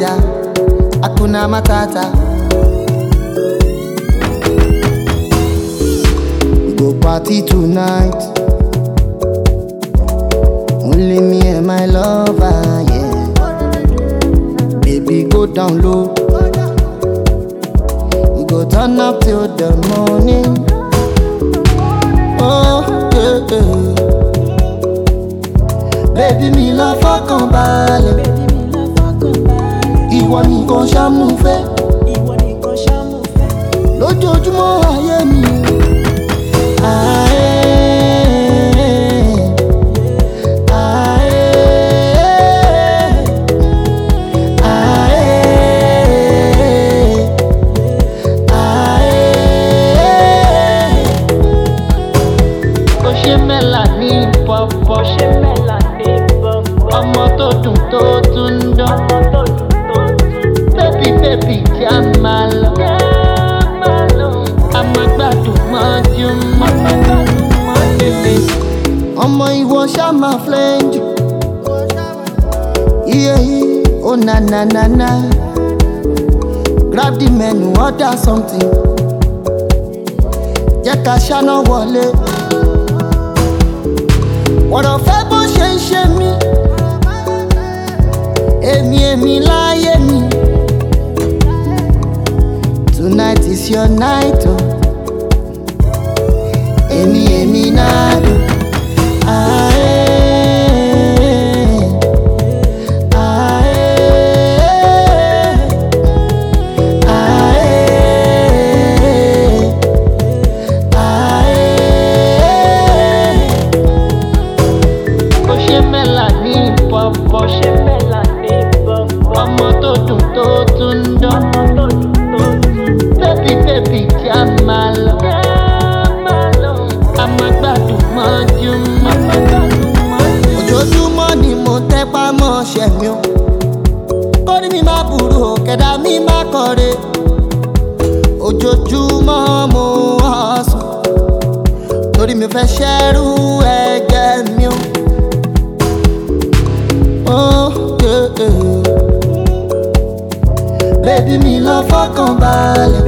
moja hakuna matata go party tonight only me and my lover yeah baby go down low go turn up till the morning oh yeah, yeah. baby mi lọ fọkàn balẹ̀. nìkan ṣámú fẹ́. ìwọ nìkan ṣámú fẹ́. lójoojúmọ́ ayé mi. Porsche. débi kí a máa lọ. a máa gbádùn mọ́júmọ́. ọmọ ìwọ ṣá máa flẹ́ńjù. iye yìí ó na na na na. grab the menu order something. jẹ́ ká ṣáná wọlé. ọ̀rọ̀ fẹ́ bó ṣe ń ṣe mí. èmi èmi láì. your night o. Oh. Èmi èmi náà dùn. Ọmọ tó dùn tó tún dán. ojoojúmọ́ ni mo tẹpá mọ́ ṣẹ̀mí kórí mi má burú o kẹ̀dá mi má kọ̀re ojoojúmọ́ mo hàsùn torí mi fẹ́ ṣẹ́rú ẹ̀jẹ̀ mi o. Oh, Bébí mi lọ fọkàn balẹ̀,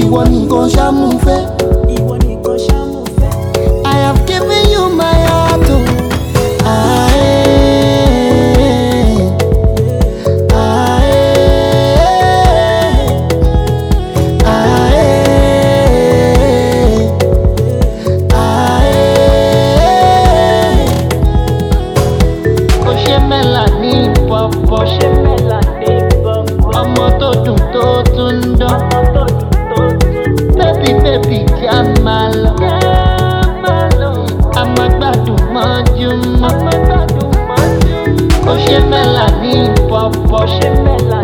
ìwọ nìkan ṣáà mú shemela ni pọpọ shemela.